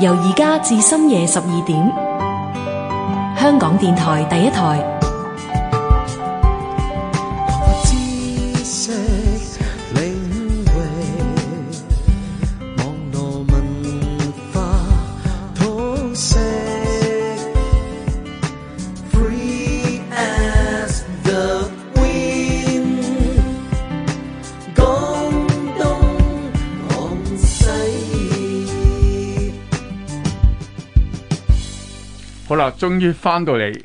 由而家至深夜十二點，香港電台第一台。終於翻到嚟，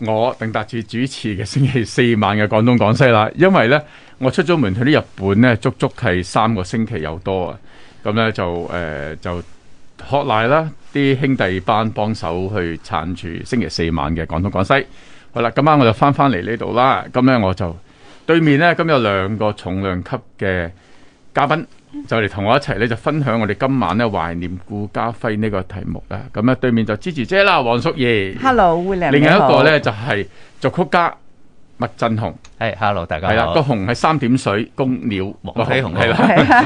我鄧達智主持嘅星期四晚嘅廣東廣西啦。因為呢，我出咗門去啲日本呢，足足係三個星期有多啊。咁呢、呃，就誒就學賴啦，啲兄弟班幫手去撐住星期四晚嘅廣東廣西。好啦，今晚我就翻翻嚟呢度啦。咁呢，我就對面咧，咁有兩個重量級嘅嘉賓。就嚟同我一齊咧，就分享我哋今晚咧懷念顧嘉煇呢個題目啦。咁啊，對面就 Gigi 姐啦，黃淑儀。Hello，你好。另一個咧就係、是、作曲家麥振鴻。係、hey,，Hello，大家係啦。個鴻係三點水公鳥黃飛鴻係啦，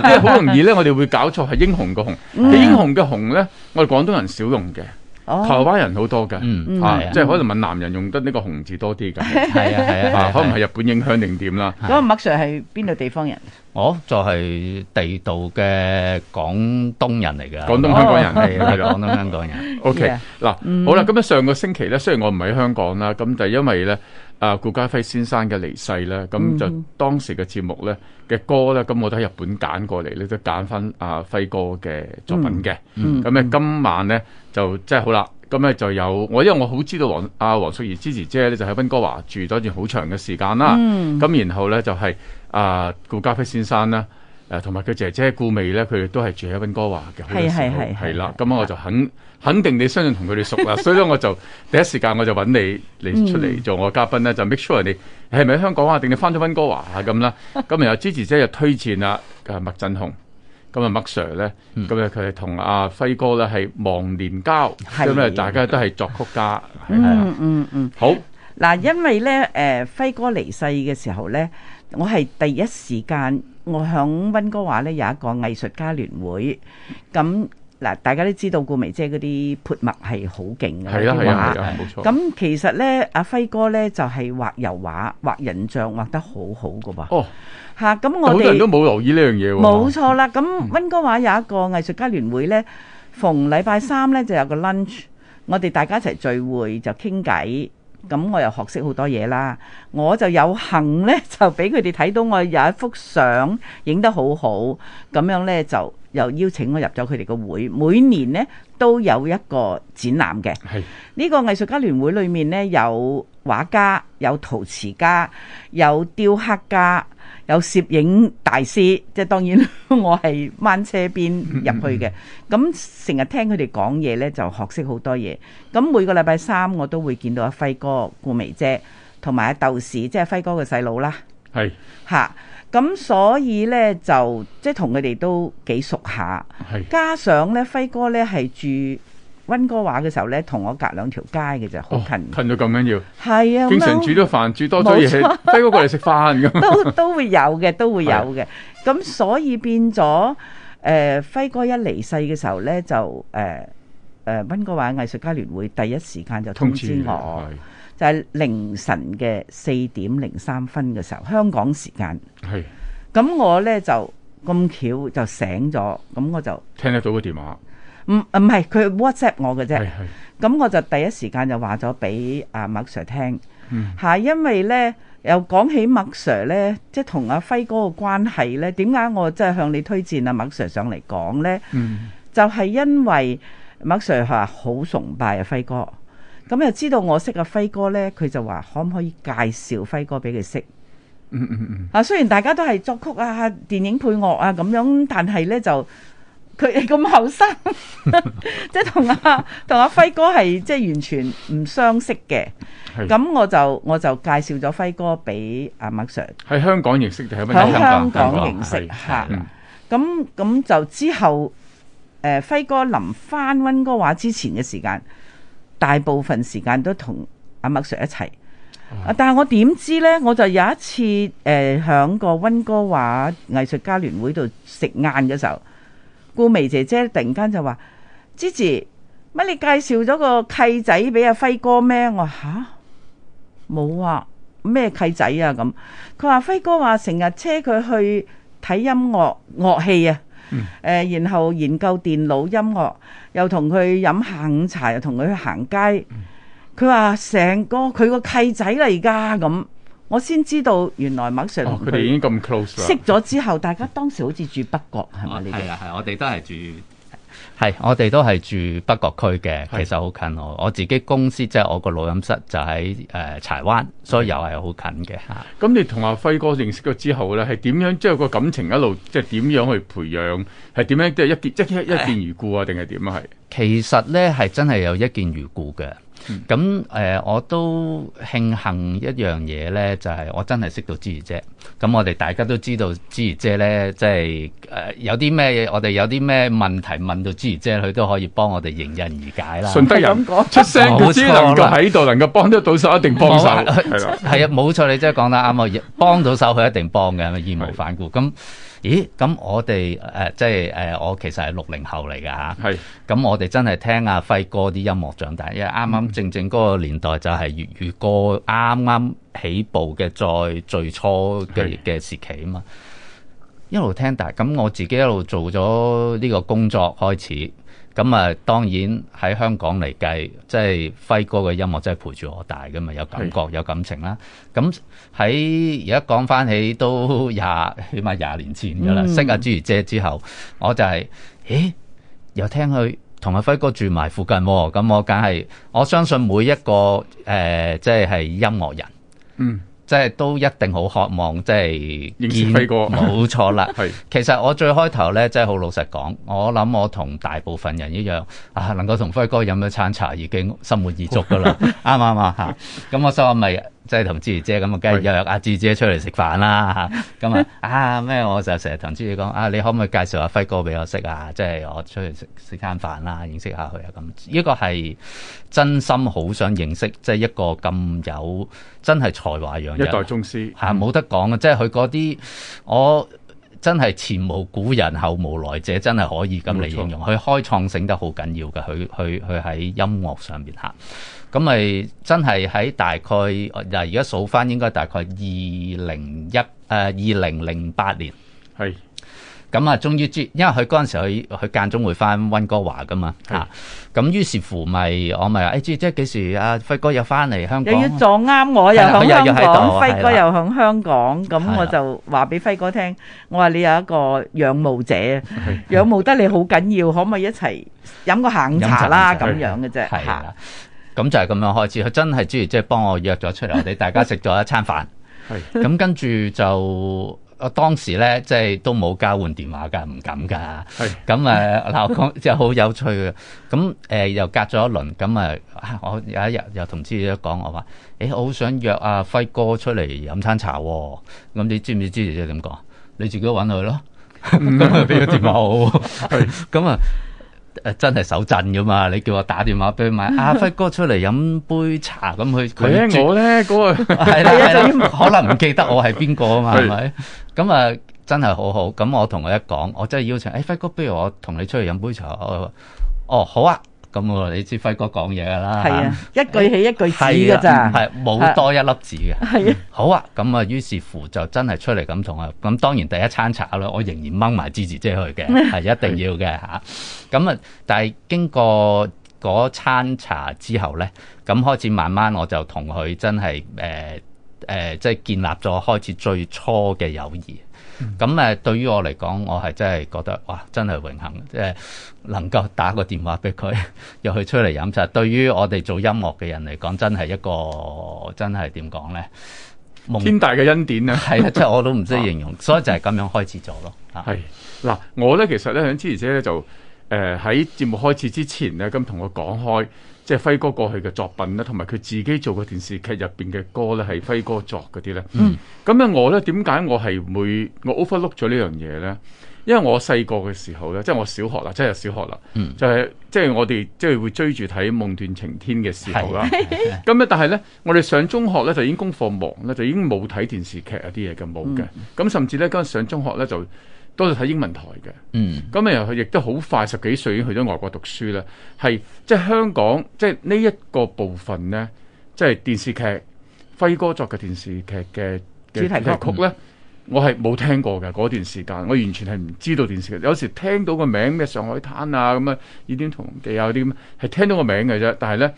即係好容易咧，我哋會搞錯係英雄個鴻。Mm. 英雄嘅鴻咧，我哋廣東人少用嘅。台灣人好多嘅、嗯，啊，即、嗯、係、就是、可能閩南人用得呢個紅字多啲嘅，係啊，嗯、啊， 可能係日本影響定點啦。咁 麥 Sir 係邊度地方人？哦，就係、是、地道嘅廣東人嚟嘅、嗯，廣東香港人係係、哦哦、 廣東香港人。 OK，嗱、yeah, 啊、好啦，咁啊上個星期咧，雖然我唔喺香港啦，咁就因為咧。啊，顧嘉輝先生嘅離世呢，咁就當時嘅節目咧嘅、mm -hmm. 歌咧，咁我都喺日本揀過嚟咧，都揀翻阿輝哥嘅作品嘅。咁、mm、咧 -hmm. 今晚咧就即係好啦，咁咧就有我，因為我好知道黃啊黃淑儀芝芝姐咧就喺温哥華住咗一段好長嘅時間啦。咁、mm -hmm. 然後咧就係啊顧嘉輝先生啦，誒同埋佢姐姐顧媚咧，佢哋都係住喺温哥華嘅。係係係，係啦。咁我就肯。肯定你相信同佢哋熟啦，所以咧我就第一時間我就揾你，你出嚟做我嘅嘉賓咧，就 make sure 你係咪香港啊？定你翻咗溫哥華啊咁啦。咁然後 Gigi 姐又推薦啊，誒麥振鴻。咁啊麥 Sir 咧，咁啊佢係同阿輝哥咧係忘年交，咁啊大家都係作曲家。嗯嗯嗯。好。嗱，因為咧誒輝哥離世嘅時候咧，我係第一時間，我響溫哥華咧有一個藝術家聯會，咁。嗱，大家都知道顧眉姐嗰啲潑墨係好勁嘅畫，咁其實咧，阿輝哥咧就係、是、畫油畫、畫人像畫得好好㗎喎。哦，吓、啊、咁我哋好多人都冇留意呢樣嘢喎。冇錯啦，咁溫哥華有一個藝術家聯會咧、嗯，逢禮拜三咧就有個 lunch，我哋大家一齊聚會就傾偈。咁我又學識好多嘢啦，我就有幸呢，就俾佢哋睇到我有一幅相影得好好，咁樣呢，就又邀請我入咗佢哋個會，每年呢，都有一個展覽嘅。係呢、這個藝術家聯會裏面呢，有。畫家有陶瓷家有雕刻家有攝影大師，即係當然我係掹車邊入去嘅，咁成日聽佢哋講嘢呢，就學識好多嘢。咁每個禮拜三我都會見到阿輝哥、顧媚姐同埋阿豆豉，即係輝哥嘅細佬啦。係吓咁，啊、所以呢，就即係同佢哋都幾熟下。加上呢，輝哥呢係住。溫哥華嘅時候咧，同我隔兩條街嘅，就好近、哦，近到咁樣要係啊，經常煮多飯，煮多咗嘢，輝 哥過嚟食飯咁，都都會有嘅，都會有嘅。咁所以變咗，誒、呃，輝哥一離世嘅時候咧，就誒誒，溫、呃呃、哥華藝術家聯會第一時間就通知我，就係、是、凌晨嘅四點零三分嘅時候，香港時間係。咁我咧就咁巧就醒咗，咁我就聽得到個電話。唔唔係佢 WhatsApp 我嘅啫，咁我就第一時間就話咗俾阿麥 Sir 聽，嚇、嗯，因為呢又講起麥 Sir 呢，即係同阿輝哥嘅關係呢，點解我即係向你推薦阿、啊、麥 Sir 上嚟講呢？嗯、就係、是、因為麥 Sir 係好崇拜阿、啊、輝哥，咁又知道我識阿、啊、輝哥呢，佢就話可唔可以介紹輝哥俾佢識？嗯嗯嗯，啊雖然大家都係作曲啊、電影配樂啊咁樣，但係呢就。佢係咁後生，即係同阿同阿輝哥係即係完全唔相識嘅。咁我就我就介紹咗輝哥俾阿麥 Sir 喺香港認識定喺香港認識嚇。咁咁就之後、呃，誒輝哥臨翻溫哥華之前嘅時間，大部分時間都同阿麥 Sir 一齊。啊，但係我點知呢？我就有一次誒，響個溫哥華藝術家聯會度食晏嘅時候。顧媚姐姐突然間就話：芝芝，乜你介紹咗個契仔俾阿輝哥咩？我吓，冇啊，咩契仔啊咁。佢話輝哥話成日車佢去睇音樂樂器啊，誒、嗯呃，然後研究電腦音樂，又同佢飲下午茶，又同佢去行街。佢話成個佢個契仔嚟㗎咁。我先知道，原來麥 sir 佢哋已經咁 close 識咗之後，大家當時好似住北角，係咪呢？係啊，係、啊啊、我哋都係住，係我哋都係住北角區嘅、啊，其實好近我。我自己公司即係、就是、我個錄音室就喺誒柴灣，是啊、所以又係好近嘅嚇。咁、啊、你同阿輝哥認識咗之後咧，係點樣？即、就、係、是、個感情一路即係點樣去培養？係點樣即係一見即、就是、一見、啊、如故啊？定係點啊？係其實咧係真係有一見如故嘅。咁、嗯、誒、呃，我都慶幸一樣嘢咧，就係、是、我真係識到芝儀姐。咁我哋大家都知道芝儀姐咧，即係誒，有啲咩嘢，我哋有啲咩問題問到芝儀姐，佢都可以幫我哋迎刃而解啦。順德人講出聲，佢只能夠喺度，能夠幫得到手，一定幫手。係 是啊，冇 錯、啊，你真係講得啱啊！幫到手，佢一定幫嘅，係咪義無反顧咁？咦，咁我哋誒、呃、即係誒、呃，我其實係六零後嚟嘅吓。係，咁、啊、我哋真係聽阿輝哥啲音樂長大，因為啱啱正正嗰個年代就係粵語歌啱啱起步嘅，在最初嘅嘅時期啊嘛，一路聽大。咁我自己一路做咗呢個工作開始。咁啊，當然喺香港嚟計，即係輝哥嘅音樂真係陪住我大嘅嘛，有感覺，有感情啦。咁喺而家講翻起都廿起碼廿年前㗎啦，識阿 Gigi 姐之後，嗯、我就係，咦？又聽佢同阿輝哥住埋附近喎，咁我梗係我相信每一個誒，即係音樂人。嗯。即係都一定好渴望，即係見輝哥，冇錯啦。 係，其實我最開頭咧，真係好老實講，我諗我同大部分人一樣，啊能夠同輝哥飲咗餐茶，已經心滿意足㗎啦。啱啊，啱啊嚇，咁我收下咪。即係同芝姐咁啊，梗係又有阿芝姐出嚟食飯啦咁啊啊咩？我就成日同芝姐講啊，你可唔可以介紹阿輝哥俾我識啊？即係我出去食食餐飯啦，認識下佢啊咁。呢個係真心好想認識，即係一個咁有真係才華樣一代宗師冇得講啊！即係佢嗰啲，我真係前無古人後無來者，真係可以咁嚟形容。佢開創性得好緊要嘅，佢佢佢喺音樂上面咁咪真係喺大概，嗱而家數翻，應該大概二零一，誒二零零八年，係。咁啊，終於知因為佢嗰陣時，佢佢間中會翻溫哥華噶嘛嚇，咁於是乎咪我咪話誒，即即係幾時啊？輝哥又翻嚟香港，又要撞啱我又響香港，輝哥又響香港，咁我就話俾輝哥聽，我話你有一個仰慕者，仰慕得你好緊要，可唔可以一齊飲個下午茶啦？咁樣嘅啫嚇。咁就係咁樣開始，佢真係淑儀即係幫我約咗出嚟， 我哋大家食咗一餐飯。咁跟住就，當時咧即係都冇交換電話噶，唔敢噶。咁 啊，嗱我講即係好有趣嘅。咁誒、呃、又隔咗一輪，咁啊我有一日又同淑儀講，我話：誒、欸，我好想約阿、啊、輝哥出嚟飲餐茶、啊。咁你知唔知淑儀點講？你自己揾佢咯，咁啊俾個電話我。 咁啊。誒，真係手震噶嘛？你叫我打電話俾佢阿輝哥出嚟飲杯茶，咁佢佢接我咧，嗰、 嗰個係啦， 是的 可能唔記得我係邊個啊嘛？係 咪？咁啊，真係好好。咁我同佢一講，我真係邀請，誒、哎，輝哥，不如我同你出去飲杯茶。哦，哦，好啊。咁喎，你知輝哥講嘢噶啦，係啊，一句起，啊、一句止噶咋，係冇，啊啊啊、多一粒字嘅。係啊，啊，好啊，咁啊，於是乎就真係出嚟咁同佢，咁當然第一餐茶啦，我仍然掹埋芝芝姐去嘅，係一定要嘅吓，咁 啊，但係經過嗰餐茶之後咧，咁開始慢慢我就同佢真係誒即係建立咗開始最初嘅友誼。咁、嗯、誒，對於我嚟講，我係真係覺得哇，真係榮幸，即係能夠打個電話俾佢，入去出嚟飲茶。對於我哋做音樂嘅人嚟講，真係一個真係點講咧，天大嘅恩典啊！係啊，即係我都唔識形容， 所以就係咁樣開始咗咯。係 嗱，我咧其實咧喺之前咧就喺、呃、節目開始之前咧咁同我講開。即、就、係、是、輝哥過去嘅作品啦，同埋佢自己做嘅電視劇入面嘅歌咧，係輝哥作嗰啲咧。嗯，咁我咧點解我係會我 overlook 咗呢樣嘢咧？因為我細個嘅時候咧，即、就、係、是、我小學啦，即係有小學啦、嗯，就係即係我哋即係會追住睇《夢斷晴天》嘅時候啦。咁、嗯、但係咧，我哋上中學咧就已經功課忙啦，就已經冇睇電視劇啊啲嘢嘅冇嘅。咁、嗯、甚至咧，今日上中學咧就。多數睇英文台嘅，咁啊又亦都好快十幾歲已經去咗外國讀書啦。係即係香港，即係呢一個部分咧，即係電視劇，輝哥作嘅電視劇嘅主題曲咧、嗯，我係冇聽過嘅嗰段時間，我完全係唔知道電視劇。有時聽到個名咩《上海灘》啊咁啊，《已點同地啊》啊啲咁，係聽到個名嘅啫，但係咧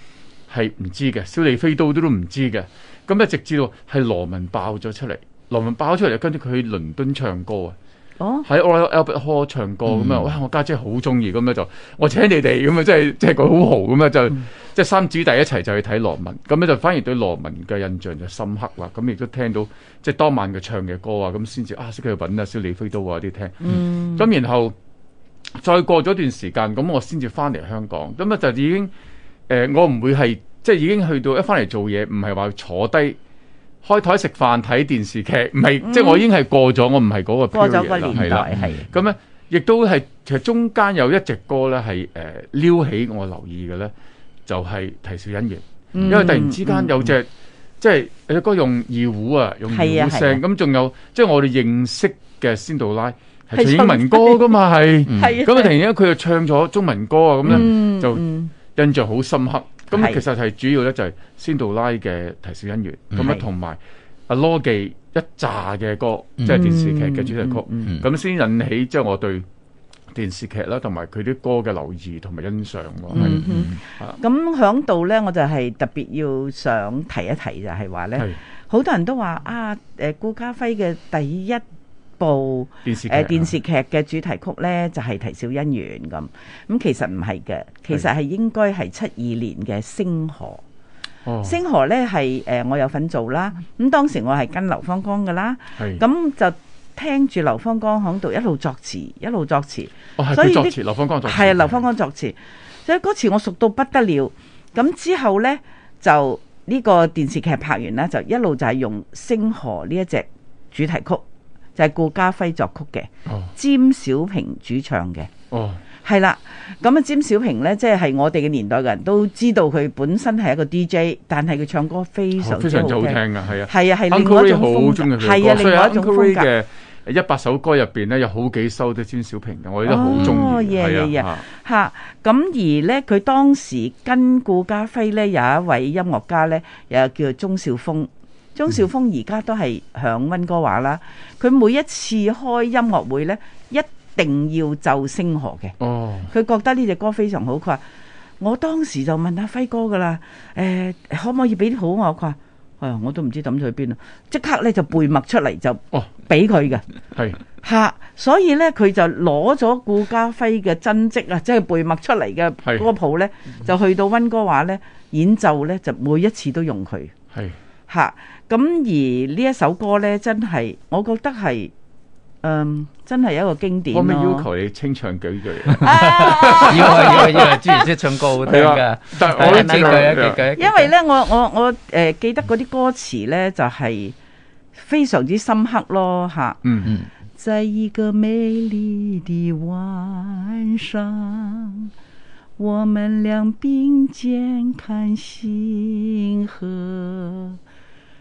係唔知嘅，《小李飛刀》都都唔知嘅。咁一直至到係羅文爆咗出嚟，羅文爆咗出嚟就跟住佢去倫敦唱歌啊！喺、oh? Albert、Hall、唱歌咁樣哇！Mm -hmm. 我家姐好中意咁樣就，我請你哋咁樣即係即係佢好豪咁樣就即係、mm -hmm. 三姊弟一齊就去睇羅文咁咧，就反而對羅文嘅印象就深刻啦！咁亦都聽到即係、就是、當晚佢唱嘅歌啊！咁先至啊，識佢去搵啊，小李飛刀啊啲聽。咁、mm -hmm. 然後再過咗段時間，咁我先至翻嚟香港，咁啊就已經誒、呃，我唔會係即係已經去到一翻嚟做嘢，唔係話坐低。開台食飯睇電視劇，唔係、嗯、即係我已經係過咗，我唔係嗰個。過咗個年代咁咧，亦都係其實中間有一隻歌咧係誒，撩起我留意嘅，咧就係啼笑姻緣，因為突然之間有隻、嗯嗯、即係有隻歌用二胡啊，用二胡聲咁，仲、嗯嗯、有即係我哋認識嘅仙杜拉係英文歌噶嘛係，咁啊突然間佢又唱咗中文歌啊咁咧，就印象好深刻。嗯嗯咁、嗯嗯、其實係主要咧就係仙杜拉嘅啼笑姻緣，咁啊同埋阿羅記一揸嘅歌，嗯、即係電視劇嘅主題曲，咁、嗯、先、嗯嗯、引起即係我對電視劇啦，同埋佢啲歌嘅留意同埋欣賞係咁響度咧，我就係特別要想提一提就係話咧，好多人都話啊，誒顧嘉煇嘅第一。部誒，電視劇嘅、呃、主題曲呢，就係啼笑姻緣咁咁。其實唔係嘅，其實係應該係七二年嘅《星河》哦。星河呢係誒、呃、我有份做啦。咁當時我係跟劉芳剛噶啦，咁就聽住劉芳剛響度一路作詞，一路作詞，哦、作詞，所以作詞劉芳剛作詞係啊。劉芳剛作詞，所以歌詞我熟到不得了。咁之後呢，就呢、呢個電視劇拍完呢，就一路就係用《星河》呢一隻主題曲。就係、是、顧嘉輝作曲嘅，詹、oh. 小平主唱嘅，係、oh. 啦。咁啊，詹小平咧，即、就、係、是、我哋嘅年代嘅人都知道佢本身係一個 DJ，但係佢唱歌非常之好、oh, 好聽噶，係啊，係啊，係另外一種風格，係啊，另外一種風格嘅一百首歌入邊咧，有好幾首都係詹小平嘅，我哋都好中意哦，係、oh, 啊，吓。咁而咧，佢當時跟顧嘉輝咧，有一位音樂家咧，又叫做鍾肇峰。鍾兆峰而家都係響温哥華啦，佢每一次開音樂會呢，一定要奏《星河》嘅。哦，佢覺得呢隻歌非常好，佢話：我當時就問阿輝哥噶啦，誒、欸、可唔可以俾啲好，好我？佢話：我都唔知抌咗去邊啦。即刻呢，就背默出嚟就的哦，俾佢嘅係嚇。所以呢，佢就攞咗顧嘉煇嘅真跡啊，即係背默出嚟嘅歌個譜呢，就去到温哥華呢、嗯、演奏呢，就每一次都用佢係嚇。咁而呢一首歌咧，真係我覺得係，嗯，真係一個經典、哦。我咪要求你清唱幾句， 啊啊啊啊啊因為因為之前識唱歌好聽噶、 啊 啊啊啊啊。因為咧，我我我誒、呃、記得嗰啲歌詞咧，就係非常之深刻咯。嚇，嗯 嗯，在一個美麗的晚上，我們兩並肩看星河。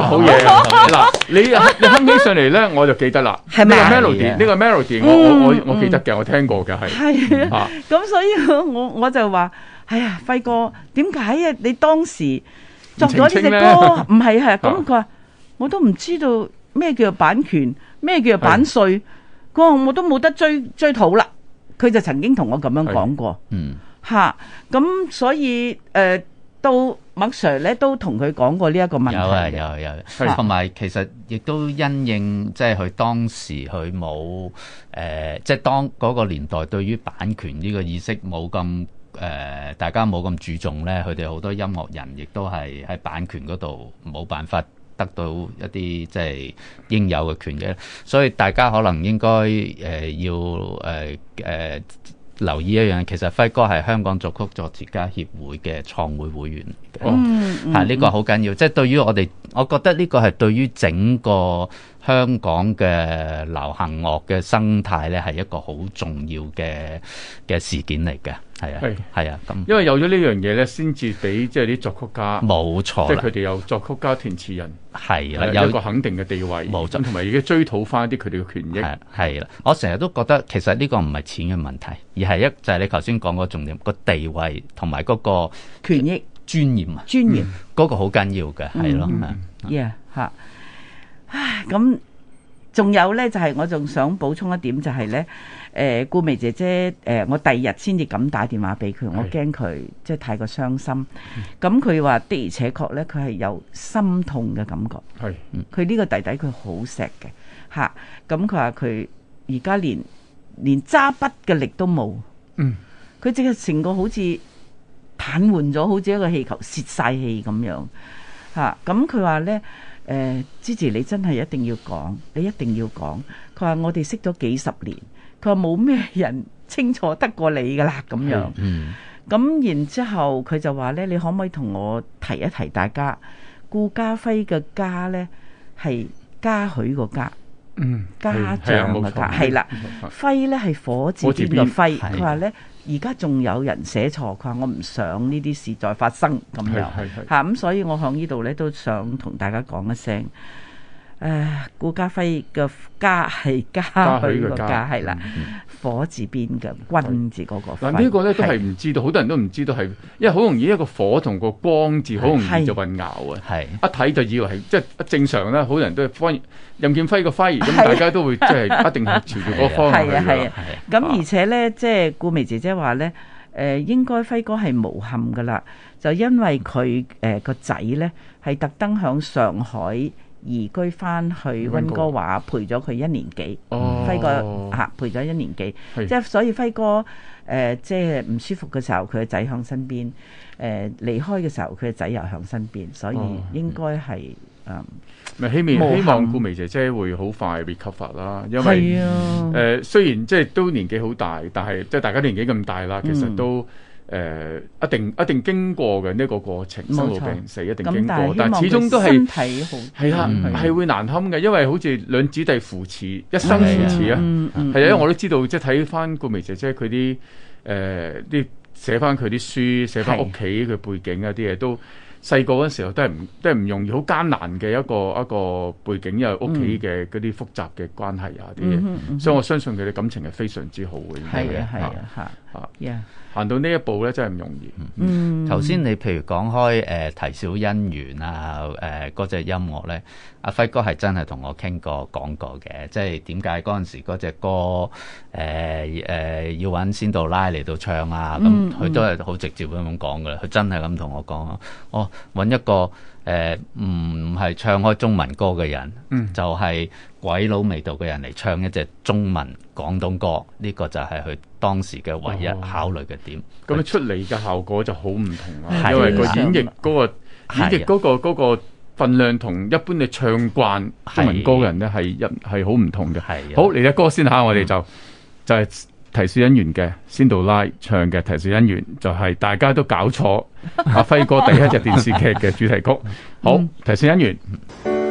好、哦、嘢！嗱， 你啊，你哼起上嚟咧，我就記得啦。係咪？呢個 melody，呢個 melody、嗯、我我我記得嘅，嗯，我聽過嘅係。係啊，咁所以我我就話：哎呀，輝哥，點解啊？你當時作咗呢隻歌，唔係係咁。佢話我都唔知道咩叫做版權，咩叫做版稅。佢話我都冇得追追討啦。佢就曾經同我咁樣講過。嗯，嚇，咁所以、呃、到。麥 Sir 咧都同佢講過呢一個問題，有、啊、有、啊、有、啊，同、啊、埋其實亦都因應，即係佢當時佢冇誒，即、呃、係、即係、當嗰個年代對於版權呢個意識冇咁誒，大家冇咁注重咧，佢哋好多音樂人亦都係喺版權嗰度冇辦法得到一啲即係應有嘅權嘅，所以大家可能應該誒、呃、要誒、呃呃留意一樣，其實輝哥係香港作曲作詞家協會嘅創會會員嘅，嚇、哦、呢、嗯這個好緊要，即、嗯、係、就是、對於我哋，我覺得呢個係對於整個香港嘅流行樂嘅生態咧，係一個好重要嘅嘅事件嚟嘅。係啊，係啊，咁因為有咗呢樣嘢咧，先至俾即係啲作曲家，冇錯即係佢哋有作曲家填詞人，係啦、啊啊，有一個肯定嘅地位，咁同埋已經追討翻啲佢哋嘅權益，係啦、啊啊。我成日都覺得，其實呢個唔係錢嘅問題，而係一就係你頭先講嗰個重點，個地位同埋嗰個權益尊嚴、嗯那個嗯、啊，尊嚴嗰個好緊要嘅，係、嗯、咯，吓、嗯，咁仲有咧，就係、是、我仲想補充一點就是呢，就係咧。誒、呃，顧媚姐姐，誒、呃，我第二日先至咁打電話俾佢，我驚佢即係太過傷心。咁佢話的而且確咧，佢係有心痛嘅感覺。係，佢、嗯、呢個弟弟佢好錫嘅吓。咁佢話佢而家連連揸筆嘅力都冇。嗯，佢即係成個好似癱瘓咗，好似一個氣球泄晒氣咁樣吓。咁佢話咧，誒，芝、呃、持你真係一定要講，你一定要講。佢話我哋識咗幾十年。佢話冇咩人清楚得過你㗎啦，咁樣。咁、嗯、然之後佢就話咧，你可唔可以同我提一提大家？顧嘉煇嘅嘉咧係嘉許個嘉，嗯，家長嘅家係啦。煇咧係火字邊嘅煇。佢話咧，而家仲有人寫錯，佢話我唔想呢啲事再發生咁樣嚇咁，所以我喺呢度咧都想同大家講一聲。誒，顧嘉煇嘅嘉係嘉，嘉許，嘅嘉係啦，火字邊嘅軍字嗰個呢個咧都係唔知道，好多人都唔知道係。因為好容易一個火同個光字好容易就混淆啊。係一睇就以為係即係正常啦。好多人都花任劍輝個輝咁，大家都會即係一定係朝住嗰個方向，係啊係啊。咁而且咧，即係顧媚姐姐話咧誒，應該輝哥係無憾㗎喇，就因為佢誒，個仔咧係特登響上海。移居翻去温哥華陪咗佢一年幾輝、哦、哥吓陪咗一年幾，即係所以輝哥誒，即係唔舒服嘅時候佢嘅仔喺身邊誒，離、呃、開嘅時候佢嘅仔又喺身邊，所以應該係誒，希望希望顧媚姐姐會好快 recover 啦，因為誒、啊呃、雖然即係都年紀好大，但係即係大家年紀咁大啦、嗯，其實都。誒、呃，一定一定經過嘅呢、這個過程，生老病死一定經過，但始終都係身體好係係、嗯、會難堪嘅，因為好似兩姊弟扶持，一生扶持是啊，係啊、嗯啊嗯，因為我都知道，即係睇翻顧媚姐姐佢啲誒啲寫翻佢啲書，寫翻屋企嘅背景啊啲嘢，都細個嗰陣時候都係唔都係唔容易，好艱難嘅一個一個背景，因為屋企嘅嗰啲複雜嘅關係啊啲嘢，所以我相信佢哋感情係非常之好嘅，係啊係啊吓行到呢一步咧，真係唔容易。嗯，頭先你譬如講開誒、呃《啼笑姻緣》啊，誒、呃、嗰隻音樂咧，阿輝哥係真係同我傾過講過嘅，即係點解嗰陣時嗰隻歌誒、呃呃、要搵仙杜拉嚟到唱啊？咁佢都係好直接咁樣講噶啦，佢、嗯嗯、真係咁同我講啊，我、哦、搵一個誒唔係唱開中文歌嘅人，嗯、就係鬼佬味道嘅人嚟唱一隻中文廣東歌，呢、這個就係佢。當時嘅唯一考慮嘅點，咁、哦、啊出嚟嘅效果就好唔同啦、啊，因為個演繹嗰、那個演繹嗰、那個嗰、那個、份量，同一般嘅唱慣中文歌嘅人咧，係一係好唔同嘅。係好嚟隻歌先嚇，我哋就、嗯、就係、是、啼笑姻緣嘅，仙杜拉唱嘅啼笑姻緣，就係、是、大家都搞錯 阿輝哥第一隻電視劇嘅主題曲。好、嗯、啼笑姻緣。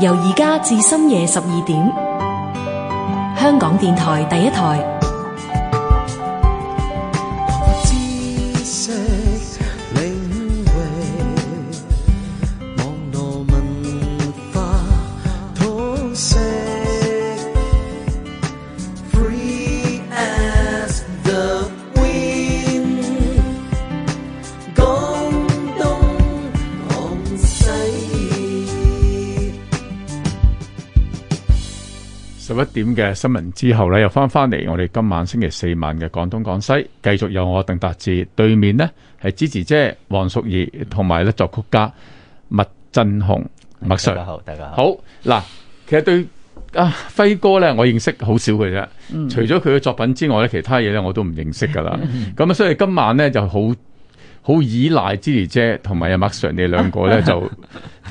由而家至深夜十二點，香港電台第一台。一點嘅新聞之後咧，又返返嚟。我哋今晚星期四晚嘅廣東廣西，繼續有我鄧達智對面呢係芝芝姐黃淑儀，同埋咧作曲家麥振鴻。麥 Sir 大家好，大家好。嗱，其實對啊，輝哥咧，我認識好少嘅啫。除咗佢嘅作品之外咧，其他嘢咧我都唔認識噶啦。咁 啊，所以今晚咧就好。好依賴 Judy 姐同埋阿 Max Sir 你哋兩個咧， 就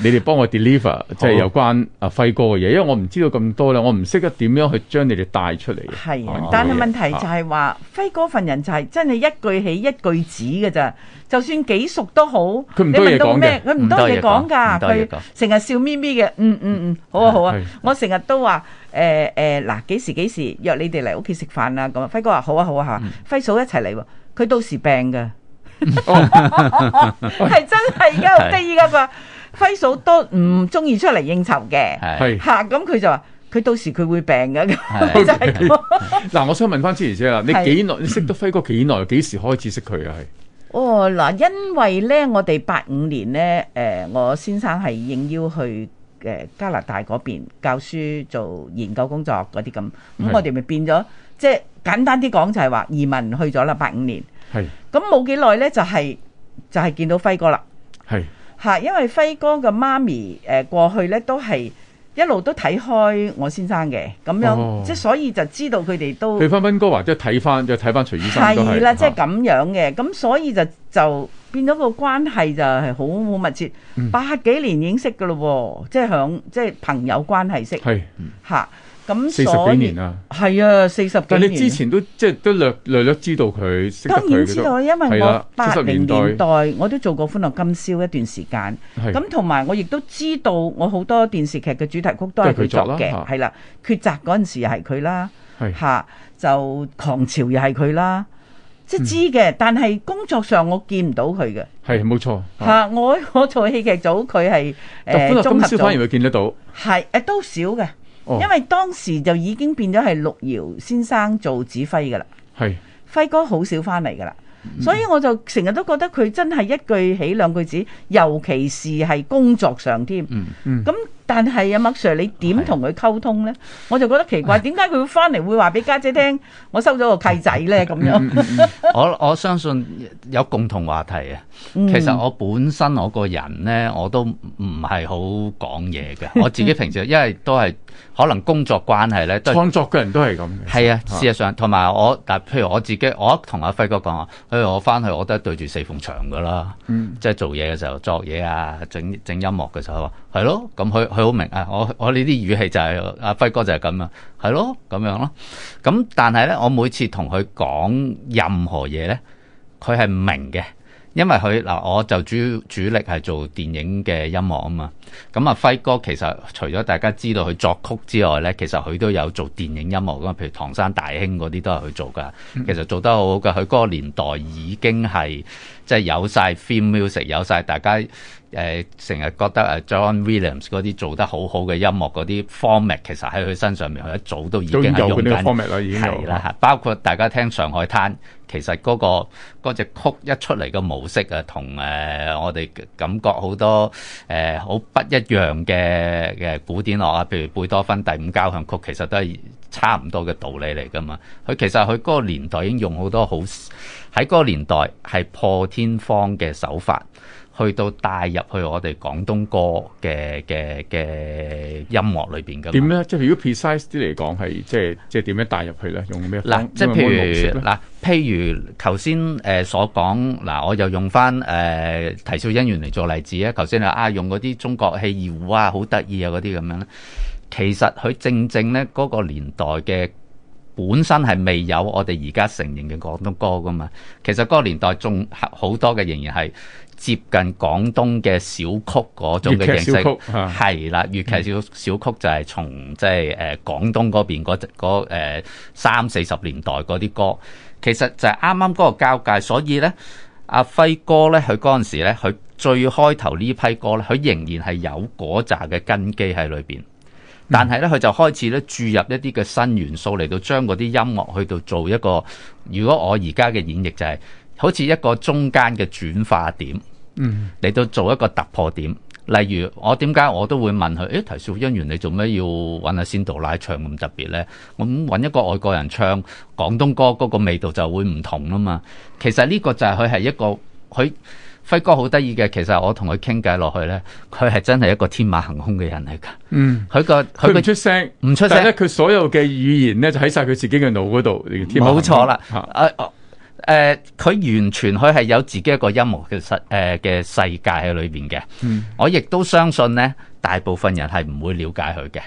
你哋幫我 deliver 即 係有關阿輝哥嘅嘢，因為我唔知道咁多咧，我唔識得點樣去將你哋帶出嚟。係、啊，但係問題就係話、啊、輝哥份人就係真係一句起一句止㗎咋，就算幾熟都好，你問到咩佢唔多嘢講㗎，佢成日笑眯眯嘅，嗯嗯嗯，好啊、呃呃、幾時幾時啊好啊，我成日都話誒誒嗱幾時幾時約你哋嚟屋企食飯啊咁。輝哥話好啊好啊吓、嗯，輝嫂一齊嚟喎，佢到時病㗎。係 真係而家好得意噶嘛？輝嫂都唔中意出嚟應酬嘅，吓，咁佢就話：佢到時佢會病噶嗱、 okay.，我想問翻儀姐啦，你幾耐？你識得輝哥幾耐？幾時開始識佢啊？係哦，嗱，因為咧，我哋八五年咧，誒，我先生係應邀去誒加拿大嗰邊教書做研究工作嗰啲咁，咁我哋咪變咗。即係簡單啲講就係、是、話移民去咗啦，八五年。係。咁冇幾耐咧就係、是、就係、是、見到輝哥啦。係。吓，因為輝哥嘅媽咪誒過去咧都係一路都睇開我先生嘅，咁樣、哦、即係所以就知道佢哋都去翻溫哥華，或者睇翻，就睇翻徐醫生。係啦，啊、即係咁樣嘅，咁所以就就變咗個關係就係好好密切，嗯、八幾年已經認識噶咯，即係響即係朋友關係識。係。吓、嗯。咁四十幾年啦，係啊，四十幾年。但係你之前都即係都略略略知道佢？當然知道，因為我八零年代我都做過《歡樂今宵》一段時間，咁同埋我亦都知道我好多電視劇嘅主題曲都係佢作嘅，係啦，抉擇嗰陣時又係佢啦，吓就狂潮又係佢啦，即係知嘅。但係工作上我見唔到佢嘅，係冇錯吓，我我做戲劇組，佢係誒《歡樂今宵》反而會見得到，係誒都少嘅。因為當時就已經變咗係陸堯先生做指揮噶啦，輝哥好少翻嚟噶啦，所以我就成日都覺得佢真係一句起兩句止，尤其是係工作上添。嗯嗯，咁。但係阿麥 Sir，你點同佢溝通咧？我就覺得奇怪，點解佢會翻嚟會話俾家姐聽？ 我收咗個契仔咧咁樣、嗯。嗯嗯、 我我相信有共同話題啊。其實我本身我個人咧，我都唔係好講嘢嘅。我自己平時 因為都係可能工作關係咧，創作嘅人都係咁嘅。係啊，事實上同埋、啊、我，但譬如我自己，我同阿輝哥講啊，譬、哎、如我翻去我都係對住四幅牆噶啦、嗯，即係做嘢嘅時候，作嘢啊，整整音樂嘅時候。係咯，咁佢佢好明啊！我我呢啲語氣就係阿輝哥就係咁啊，係咯咁樣咯。咁但係咧，我每次同佢講任何嘢咧，佢係唔明嘅，因為佢嗱，我就主我主力係做電影嘅音樂啊嘛。咁啊，輝哥其實除咗大家知道佢作曲之外咧，其實佢都有做電影音樂㗎，譬如《唐山大兄》嗰啲都係佢做噶。嗯。其實做得好好噶，佢嗰個年代已經係即係有晒 film music，有晒大家。誒成日覺得啊，John Williams 嗰啲做得好好嘅音樂嗰啲 format 其實喺佢身上面，一早都已經用緊，都已經有個 format 啦。包括大家聽《上海灘》，其實嗰、嗰個嗰隻曲一出嚟嘅模式啊，同誒、呃、我哋感覺好多誒好、呃、不一樣嘅嘅古典樂啊。譬如貝多芬第五交響曲，其實都係差唔多嘅道理嚟噶嘛。佢其實佢嗰個年代已經用好多好喺嗰個年代係破天荒嘅手法。去到帶入去我哋廣東歌嘅嘅嘅音樂裏邊噶點咧？即係如果 precise 啲嚟講係即係即係點樣帶入去咧？用咩方嗱，即係譬如嗱，譬如頭先誒所講嗱，我又用翻誒《啼笑姻緣》嚟做例子啊。頭先係啊，用嗰啲中國器樂啊，好得意啊，嗰啲咁樣咧。其實佢正正咧嗰個年代嘅本身係未有我哋而家成型嘅廣東歌噶嘛。其實嗰個年代仲好多嘅仍然係，.接近廣東嘅小曲嗰種嘅形式，係啦，粵劇小小，小曲就係從即係誒廣東嗰邊嗰嗰誒三四十年代嗰啲歌，其實就係啱啱嗰個交界，所以咧，阿、啊、輝哥咧，佢嗰陣時咧，佢最開頭呢批歌咧，佢仍然係有嗰扎嘅根基喺裏邊，嗯，但係咧，佢就開始咧注入一啲嘅新元素嚟到將嗰啲音樂去到做一個，如果我而家嘅演繹就係、是、好似一個中間嘅轉化點。嗯，嚟到做一個突破點，例如我點解我都會問佢，誒、哎，啼笑姻緣你做咩要搵阿、啊、仙杜拉唱咁特別咧？咁搵一個外國人唱廣東歌，嗰個味道就會唔同啦嘛。其實呢個就係佢係一個，佢輝哥好得意嘅。其實我同佢傾偈落去咧，佢係真係一個天馬行空嘅人嚟噶。嗯，佢個佢唔出聲，唔出聲咧，佢所有嘅語言咧就喺晒佢自己嘅腦嗰度。冇錯啦，誒，佢完全佢係有自己一個音樂嘅世，誒嘅世界喺裏邊嘅。Mm -hmm. 我亦都相信咧，大部分人係唔會了解佢嘅。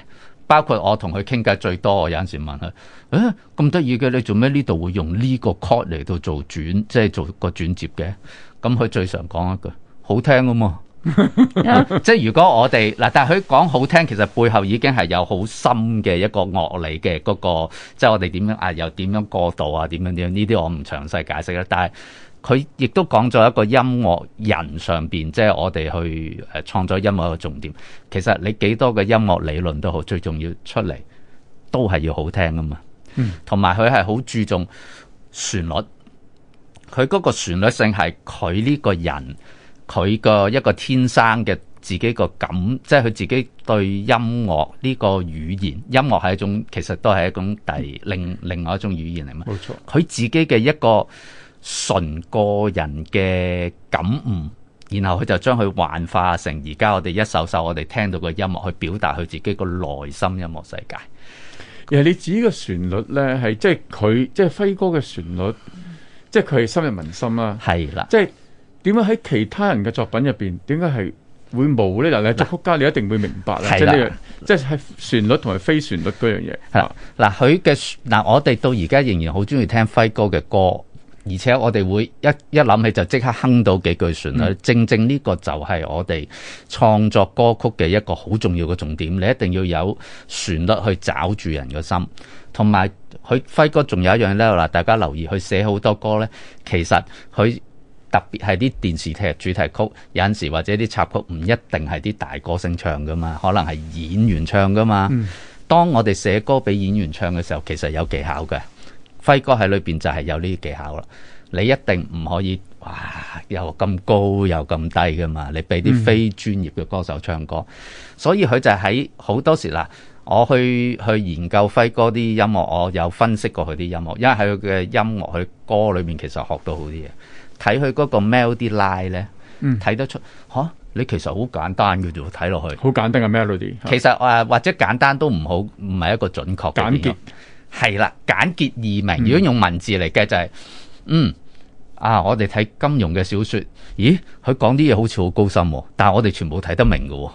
包括我同佢傾偈最多，我有陣時問佢，誒，咁得意嘅，你做咩呢度會用呢個 call 嚟到做轉，即係做個轉接嘅？咁佢最常講一句，好聽啊嘛。 嗯、即係如果我哋嗱，但係佢講好聽，其實背後已經係有好深嘅一個樂理嘅嗰、嗰個，即係我哋點樣啊？又點樣過渡啊？點樣點樣？呢啲我唔詳細解釋啦。但係佢亦都講咗一個音樂人上邊，即係我哋去誒創作音樂嘅重點。其實你幾多嘅音樂理論都好，最重要出嚟都係要好聽啊嘛。嗯，同埋佢係好注重旋律，佢嗰個旋律性係佢呢個人。佢個一個天生嘅自己個感，即係佢自己對音樂呢個語言，音樂係一種其實都係一種第另另外一種語言嚟嘛。冇錯，佢自己嘅一個純個人嘅感悟，然後佢就將佢幻化成而家我哋一首首我哋聽到嘅音樂，去表達佢自己個內心音樂世界。而係你指嘅旋律呢？係即係佢即係輝哥嘅旋律，即係佢深入民心啦。係啦，即係點解喺其他人嘅作品入邊，點解係會冇呢？嗱，你作曲家、啊，你一定會明白啦。即係、即係、旋律同埋非旋律嗰樣嘢。嗱，佢嘅嗱，我哋到而家仍然好中意聽輝哥嘅歌，而且我哋會一一諗起就即刻哼到幾句旋律。嗯，正正呢個就係我哋創作歌曲嘅一個好重要嘅重點。你一定要有旋律去抓住人嘅心，同埋佢輝哥仲有一樣咧。嗱，大家留意，佢寫好多歌呢，其實佢。特別係啲電視劇主題曲，有陣時或者啲插曲唔一定係啲大歌星唱噶嘛，可能係演員唱噶嘛、嗯。當我哋寫歌俾演員唱嘅時候，其實有技巧嘅。輝哥喺裏面就係有呢啲技巧啦。你一定唔可以哇，又咁高又咁低噶嘛。你俾啲非專業嘅歌手唱歌，嗯、所以佢就喺好多時啦，我去去研究輝哥啲音樂，我有分析過佢啲音樂，因為喺佢嘅音樂佢歌裏面其實學到好啲嘢。睇佢嗰個 melody line 咧、嗯，睇得出嚇、啊，你其實好簡單嘅啫，睇落去。好簡單嘅 melody。其實誒、啊，或者簡單都唔好，唔係一個準確嘅。簡潔係啦，簡潔易明、嗯。如果用文字嚟計就係、是，嗯啊，我哋睇金庸嘅小説，咦，佢講啲嘢好似好高深，但係我哋全部睇得明嘅。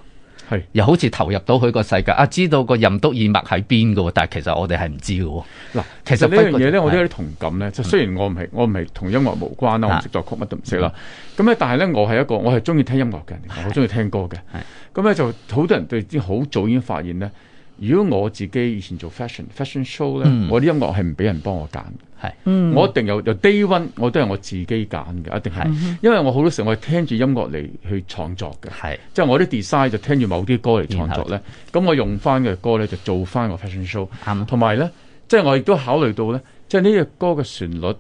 係，又好似投入到佢個世界，啊，知道個任督二脈喺邊嘅喎，但係其實我哋係唔知嘅喎。嗱，其實呢樣嘢咧，我都有啲同感咧。就雖然我唔係我唔係同音樂無關啦、啊，我唔識作曲乜都唔識啦。咁、啊、咧，但係咧，我係一個我係中意聽音樂嘅，好中意聽歌嘅。咁咧就好多人對，已好早已經發現咧。如果我自己以前做 fashion，fashion fashion show 咧、嗯，我啲音樂係唔俾人幫我揀。係、嗯，我一定有由 day one，我都係我自己揀嘅，一定係，因為我好多時候我係聽住音樂嚟去創作嘅，即係、就是、我啲 design 就聽住某啲歌嚟創作咧，咁我用翻嘅歌咧就做翻個 fashion show，同埋咧，即係、就是、我亦都考慮到咧，即係呢隻歌嘅旋律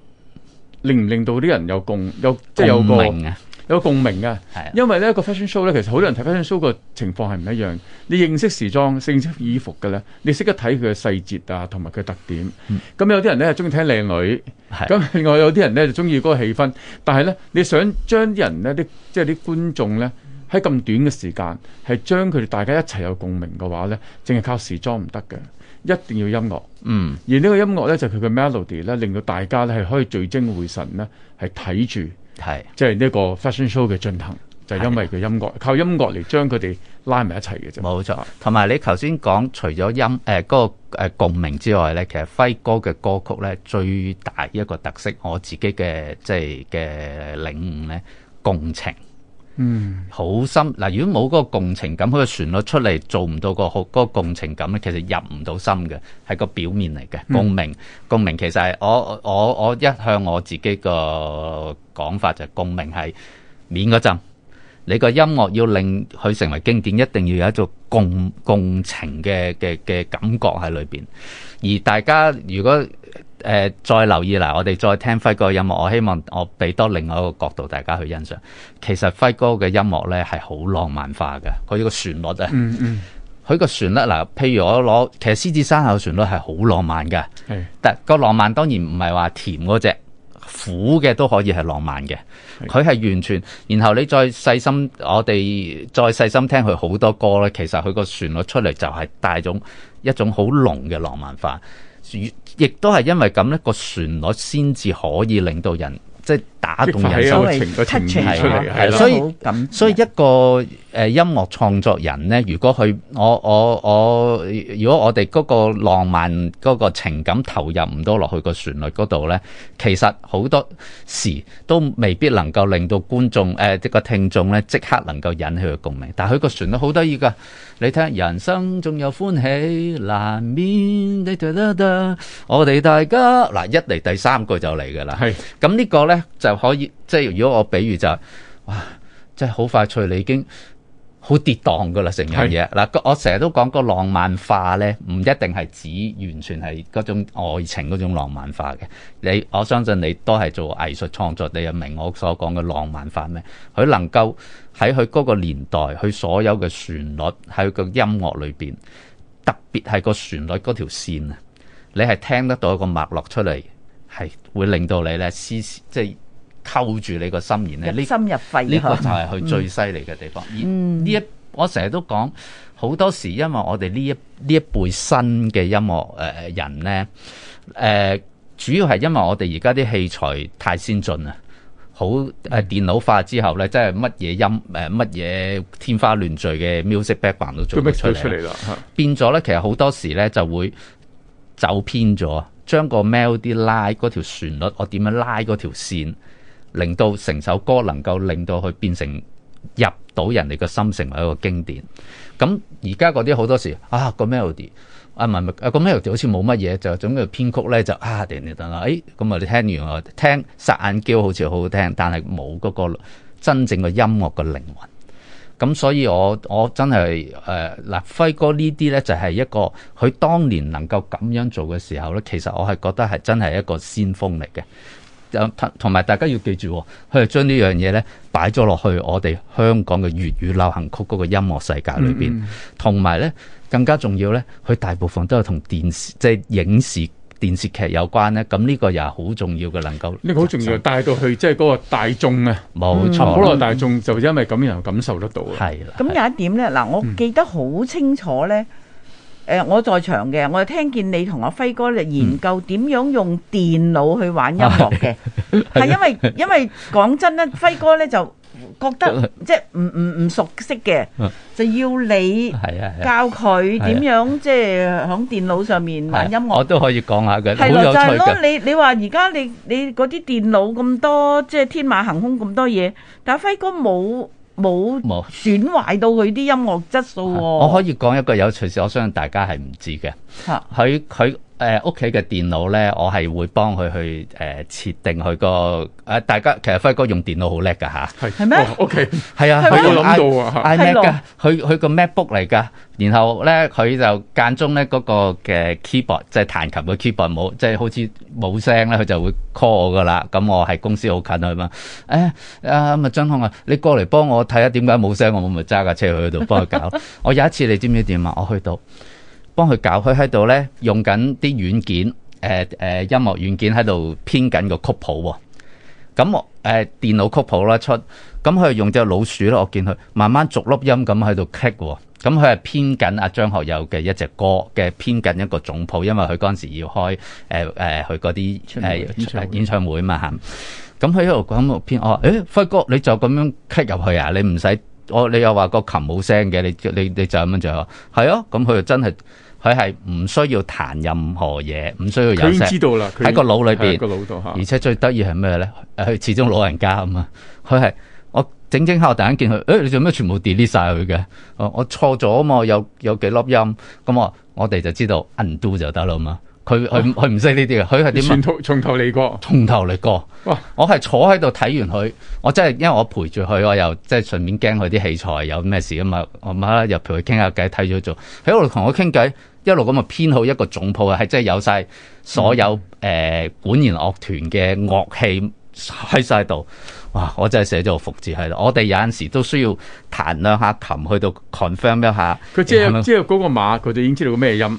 令唔令到啲人有共，有即係、就是、有個共鳴啊。有共鳴嘅，因為呢個 fashion show 咧，其實好多人睇 fashion show 個情況係唔一樣。你認識時裝，認識衣服嘅咧，你識得睇佢嘅細節啊，同埋佢嘅特點。咁有啲人咧係中意聽靚女，咁另外有啲人咧就中意嗰個氣氛。但係咧，你想將啲人咧啲即係啲觀眾咧喺咁短嘅時間係將佢哋大家一齊有共鳴嘅話咧，淨係靠時裝唔得嘅，一定要音樂。嗯，而呢個音樂咧就係佢嘅 melody 咧，令到大家咧係可以聚精會神咧係睇住。係，即係呢個 fashion show 嘅進行就係因為佢音樂，靠音樂嚟將佢哋拉埋一齊嘅啫。冇錯，同埋你頭先講除咗音誒、呃嗰個誒共鳴之外咧，其實輝哥嘅歌曲咧最大一個特色，我自己嘅即係嘅領悟咧，共情。嗯，好深嗱。如果冇嗰個共情感，佢個旋律出嚟做唔到個好嗰個共情感咧，其實入唔到心嘅係個表面嚟嘅共鳴。共鳴、嗯、其實係我我我一向我自己個講法就係共鳴係面嗰陣，你個音樂要令佢成為經典，一定要有一種共共情嘅嘅嘅感覺喺裏邊。而大家如果誒、呃，再留意嗱，我哋再聽輝哥嘅音樂，我希望我俾多另外一個角度大家去欣賞。其實輝哥嘅音樂咧係好浪漫化嘅，佢個旋律啊，嗯嗯，佢個旋律嗱，譬如我攞，其實獅子山下嘅旋律係好浪漫嘅，係，但個浪漫當然唔係話甜嗰隻，苦嘅都可以係浪漫嘅，佢係完全，然後你再細心，我哋再細心聽佢好多歌咧，其實佢個旋律出嚟，就係帶種一種好濃嘅浪漫化。亦都係因為咁呢個旋律先至可以令到人。即係打動人，所謂 touching 出嚟，係啦，所以所以一個誒音樂創作人咧，如果佢我我我如果我哋嗰個浪漫嗰個情感投入唔多落去個旋律嗰度咧，其實好多時都未必能夠令到觀眾誒即個聽眾咧即刻能夠引起佢共鳴。但係佢個旋律好得意噶，你睇下人生仲有歡喜難免，叮叮叮叮我哋大家嗱一嚟第三句就嚟噶啦，係咁呢個咧。就可以即係如果我比喻就，哇，即係好快脆你已經好跌蕩噶啦成樣嘢嗱，我成日都講個浪漫化咧，唔一定係指完全係嗰種愛情嗰種浪漫化嘅。你我相信你都係做藝術創作，你又明我所講嘅浪漫化咩？佢能夠喺佢嗰個年代，佢所有嘅旋律喺個音樂裏邊，特別係個旋律嗰條線啊，你係聽得到一個脈絡出嚟。係會令到你咧，即係扣住你個心弦咧。入心入肺呢、呢個就係佢最犀利嘅地方。呢、嗯、一我成日都講，好多時因為我哋呢一呢一輩新嘅音樂誒人咧，誒、呃、主要係因為我哋而家啲器材太先進啦，好誒電腦化之後咧，即係乜嘢音誒乜嘢天花亂墜嘅 music background 都做出出嚟啦。變咗咧，其實好多時咧就會走偏咗。將個 melody 拉嗰條旋律，我點樣拉嗰條線，令到成首歌能夠令到佢變成入到人哋嘅心，成為一個經典。咁而家嗰啲好多時啊個 melody 啊唔係唔啊個 melody 好似冇乜嘢，就總之編曲咧就啊等等啦，誒咁我哋聽完我聽煞眼嬌好似好好聽，但係冇嗰個真正嘅音樂嘅靈魂。咁所以我我真係誒嗱輝哥呢啲咧，就係一個佢當年能夠咁樣做嘅時候咧，其實我係覺得係真係一個先鋒嚟嘅。同埋大家要記住，佢係將呢樣嘢咧擺咗落去我哋香港嘅粵語流行曲嗰個音樂世界裏邊，同埋咧更加重要咧，佢大部分都係同電視即係、就是、影視。電視劇有關咧，咁呢個又係好重要嘅，能夠呢個好重要，帶到去即係嗰個大眾啊，冇錯，好耐大眾就因為咁樣感受得到。係啦，咁有一點咧，嗱，我記得好清楚咧，誒，我在場嘅，我就聽見你同阿輝哥咧研究點樣用電腦去玩音樂嘅，係因為因為講真咧，輝哥咧就。覺得即係唔唔唔熟悉嘅，就要你教佢點樣即係喺電腦上面玩音樂。我都可以講下嘅，係咯，就係咯。你你話而家你你嗰啲電腦咁多，即係天馬行空咁多嘢，但係輝哥冇冇冇損壞到佢啲音樂質素。我可以講一個有趣事，我相信大家係唔知嘅。佢佢誒、呃，屋企嘅電腦咧，我係會幫佢去誒設、呃、定佢個誒，大家其實輝哥用電腦好叻噶吓，係咩？O K，係啊，佢、啊、個 I Mac，佢佢個 Mac Book 嚟噶，然後咧佢就間中咧嗰個嘅 keyboard，即係彈琴嘅 keyboard 冇，即、就、係、是、好似冇聲咧，佢就會 call 我噶啦。咁我係公司好近、哎、啊嘛。誒，阿阿振鴻啊，你過嚟幫我睇下點解冇聲，我咪揸架車去度幫佢搞。 我有一次你知唔知點啊？我去到。幫佢搞佢，佢喺度咧用緊啲軟件，誒、啊、誒、啊、音樂軟件喺度編緊個曲譜喎。咁我誒電腦曲譜攞出，咁佢用隻老鼠咧，我見佢慢慢逐粒音咁喺度 click 喎。咁佢係編緊阿張學友嘅一隻歌嘅編緊一個總譜，因為佢嗰陣時要開誒誒佢嗰啲演唱會啊嘛。咁佢喺度響度編，哦，我話：誒輝哥，你就咁樣 click 入去啊？你唔使我，你又話個琴冇聲嘅，你你你就咁樣做啊？係啊，咁佢就真係。佢係唔需要彈任何嘢，唔需要有聲。佢已經知道啦，喺個腦裏邊，喺個腦度。而且最得意係咩咧？佢始終老人家啊嘛，佢 係我整整下，突然間見佢，誒、哎，你做咩全部 delete 晒佢嘅？我我錯咗啊嘛，有有幾粒音咁，我我哋就知道 undo 就得啦嘛。佢佢佢唔識呢啲嘅，佢係點啊？從頭嚟過，從頭嚟過。哇！我係坐喺度睇完佢，我真係因為我陪住佢，我又即係順便驚佢啲器材有咩事啊嘛。我媽又陪佢傾下偈，睇咗做，喺度同我傾偈，一路咁啊編好一個總譜啊，係真係有晒所有誒、嗯呃、管弦樂團嘅樂器喺晒度。哇！我真係寫咗個伏字喺度。我哋有陣時都需要彈兩下琴去到 confirm 一下。佢即係知道嗰個碼，佢哋已經知道個咩音。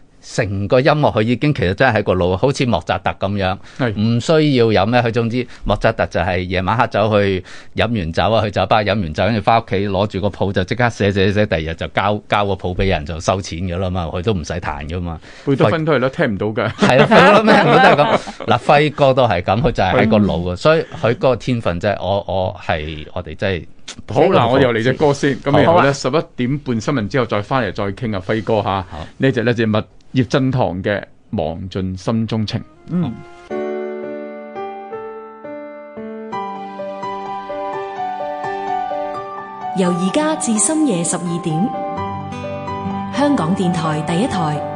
成個音樂佢已經其實真係喺個腦，好似莫扎特咁樣，唔需要飲咧。佢總之莫扎特就係夜晚黑走去飲完酒啊，去酒吧飲完酒跟住翻屋企攞住個譜就即刻寫寫寫，第二日就交交個譜俾人就收錢噶啦嘛，佢都唔使彈噶嘛。貝多芬都係咯，聽唔到噶。係啦、啊，咩都係咁。嗱， 輝哥都係咁，佢就係喺個腦噶，所以佢嗰、嗯、個天分即、就、啫、是。我我係我哋真係。好，嗱、這個，我又嚟隻歌先。咁然後咧，十一點半新聞之後再翻嚟再傾啊，輝哥吓。呢隻呢隻物。葉振棠嘅《忘盡心中情》，嗯，由而家至深夜十二點，香港電台第一台。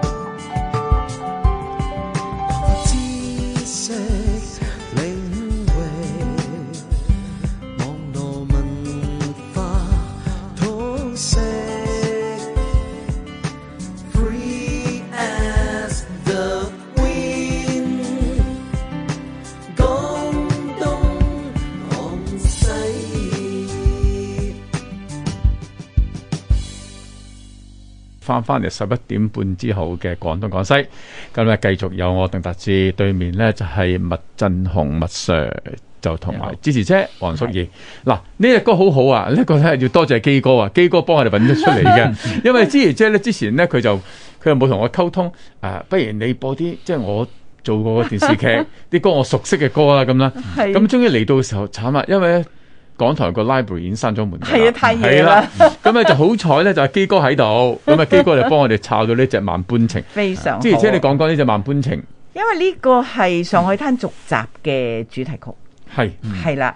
翻翻嚟十一點半之後嘅廣東廣西，咁咧繼續有我鄧達智，對面咧就係麥振鴻、麥 Sir 就同埋支持姐黃淑儀。嗱呢隻歌好好啊！呢個咧要多謝，謝基哥啊，基哥幫我哋揾咗出嚟嘅、嗯。因為支持姐咧之前咧佢就佢又冇同我溝通，啊不如你播啲即係我做過電視劇啲、嗯、歌我熟悉嘅歌啦咁啦。咁終於嚟到嘅時候慘啊因為咧。港台個 library 已經閂咗門，係啊，太熱啦。咁咧就好彩咧，就係基哥喺度，咁啊基哥就幫我哋抄咗呢隻萬般情，非常即係，請你講講呢隻萬般情，因為呢個係上海灘續集嘅主題曲，係係啦。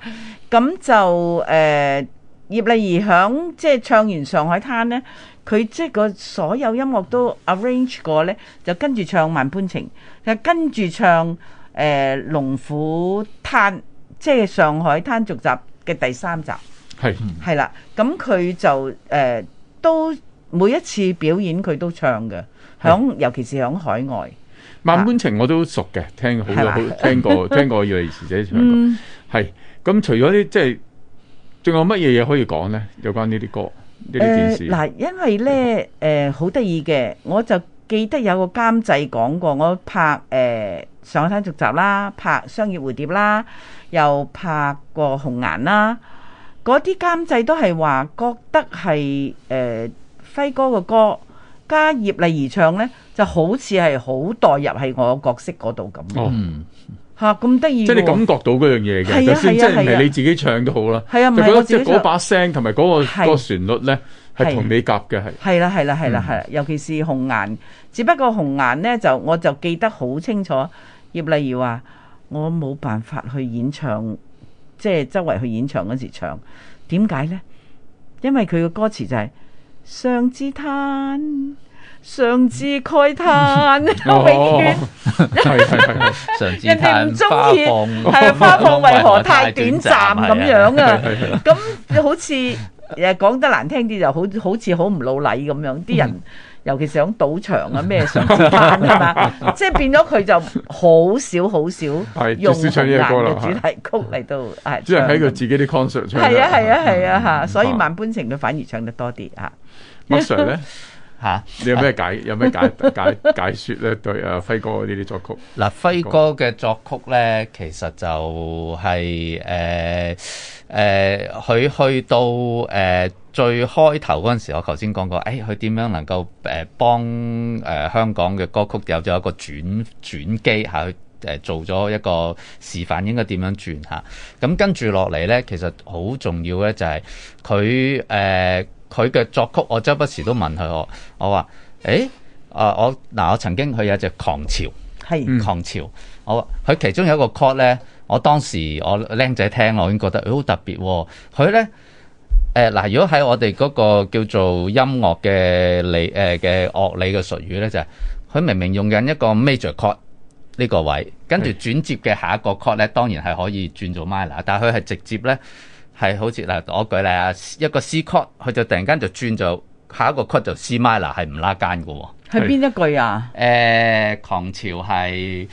咁就誒葉麗儀響即係唱完上海灘咧，佢即係個所有音樂都 arrange 過咧，就跟住唱萬般情，就跟住唱誒龍虎灘，即係上海灘續集。嘅第三集，係係啦，咁佢就誒、呃、都每一次表演佢都唱嘅，響尤其是響海外。萬般情我都熟嘅，聽好多聽過 聽過葉麗儀姐姐唱。係、嗯、咁，除咗啲，即係仲有乜嘢嘢可以講呢？有關呢啲歌呢啲電視嗱，因為咧誒好得意嘅，我就記得有個監製講過，我拍誒、呃《上海灘續集》啦，拍《商業蝴蝶》啦。又拍過紅顏啦，嗰啲監製都係話覺得係誒、呃、輝哥嘅歌加葉麗儀唱咧，就好似係好代入喺我角色嗰度咁。吓咁得意！即係你感覺到嗰樣嘢嘅，就算即係你自己唱都好啦。係啊，咪即係嗰把聲同埋嗰個旋律咧，係同你夾嘅係。係啦，係啦，係啦， 尤其是紅顏。只不過紅顏咧就我就記得好清楚，葉麗儀話。我冇辦法去演唱，即係周圍去演唱嗰時唱，點解咧？因為佢嘅歌詞就係常自嘆，常自慨嘆，永遠、哦哦哦哦哦、人哋唔中意，係花放為何太短暫咁樣啊？咁、嗯嗯、好似誒講得難聽啲，就好好似好唔老禮咁樣，啲人。尤其是喺賭場啊，咩上班啊嘛，即 係變咗佢就好少好少用難嘅主題曲嚟到，係即係喺佢自己啲 concert 唱。係啊係啊係啊吓、啊啊啊啊啊啊，所以萬般情都反而唱得多啲啊。麥 Sir 呢？吓、啊，你有咩解有咩解 解解說咧？對阿輝哥呢啲作曲，嗱輝哥嘅作曲咧，其實就係誒誒，佢、呃呃、去到誒、呃、最開頭嗰陣時，我頭先講過，誒佢點樣能夠誒幫誒香港嘅歌曲有咗一個轉轉機吓，誒、啊、做咗一個示範應該點樣轉吓，咁、啊、跟住落嚟咧，其實好重要咧，就係，就係佢誒。呃佢嘅作曲，我周不時都問佢我，我話，誒、欸，啊，我嗱、啊，我曾經佢有隻狂潮，係、嗯、狂潮，我話佢其中有一個 call 咧，我當時我僆仔聽我已經覺得佢好、欸、特別、哦。佢咧，誒、呃、嗱，如果喺我哋嗰個叫做音樂嘅理誒嘅樂理嘅術語咧，就係、是、佢明明用緊一個 major call 呢個位，跟住轉接嘅下一個 call 咧，當然係可以轉做 minor，但係佢係直接咧。係好似嗱，hana, 我舉例啊，一個 C chord，佢就突然間就轉咗，下一個 chord 就 C minor，係唔拉間嘅喎。係邊一句啊？誒，狂潮係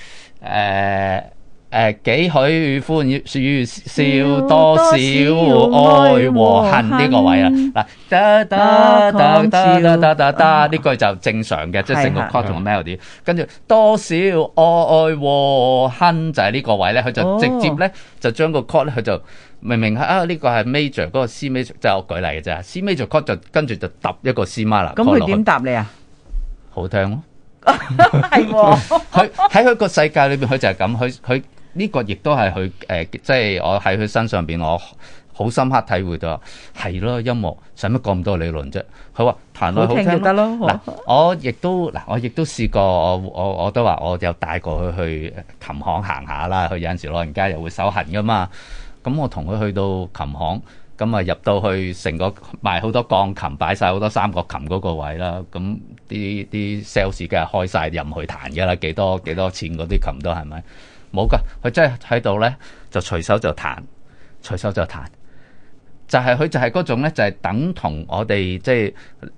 誒誒幾許歡笑少，多少，多少愛和恨呢個位啊！嗱，得得得得得得得，呢句就正常嘅，即係成個 chord 同個 melody，啊。跟住多少愛和恨就係、係、呢個位咧，佢就直接咧就將個 chord 咧佢就。明明係啊，呢、這個係 major 嗰個 C major，即係我舉例嘅啫。C major chord 就跟住就揼一個 C 媽啦。咁佢點答你啊？好聽咯、哦，係。 佢喺佢個世界裏邊，佢就係咁。佢佢呢個亦都係佢誒，即係我喺佢身上邊，我好深刻體會到。係咯，音樂使乜咁多理論啫？佢話彈落好聽得、哦、咯。 我亦都嗱，我亦都試過，我我我都話，我有帶過去去琴行行下啦。佢有陣時老人家又會手痕噶嘛。咁我同佢去到琴行，咁啊入到去成個賣好多鋼琴，擺晒好多三角琴嗰個位啦。咁啲啲 sales 梗係開晒，任佢彈嘅啦，幾多幾多錢嗰啲琴都係咪？冇噶，佢真係喺度呢，就隨手就彈，隨手就彈。就係、是、佢，就係嗰種咧，就係等同我哋即係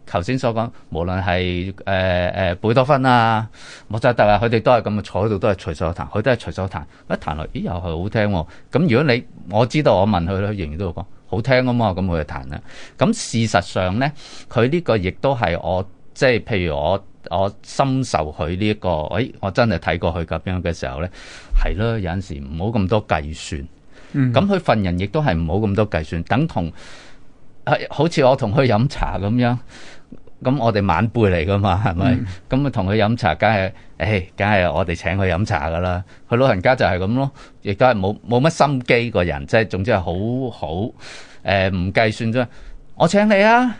頭先所講，無論係誒誒貝多芬啊、莫扎特啊，佢哋都係咁啊，坐喺度都係隨手彈，佢都係隨手彈。一彈落去，咦又係好聽喎！咁如果你我知道，我問佢咧，仍然都會講好聽啊嘛。咁佢就彈啦。咁事實上咧，佢呢個亦都係我即係譬如我我深受佢呢一個，哎，我真係睇過佢咁樣嘅時候咧，係咯，有陣時唔好咁多計算。咁、嗯、佢份人亦都係唔好咁多計算，等同好似我同佢飲茶咁樣，咁我哋晚輩嚟噶嘛，係咪？咁、嗯、啊，同佢飲茶，梗、哎、係，誒，梗係我哋請佢飲茶噶啦。佢老人家就係咁咯，亦都係冇冇乜心機個人，即係總之係好好，誒，唔、呃、計算啫。我請你啊，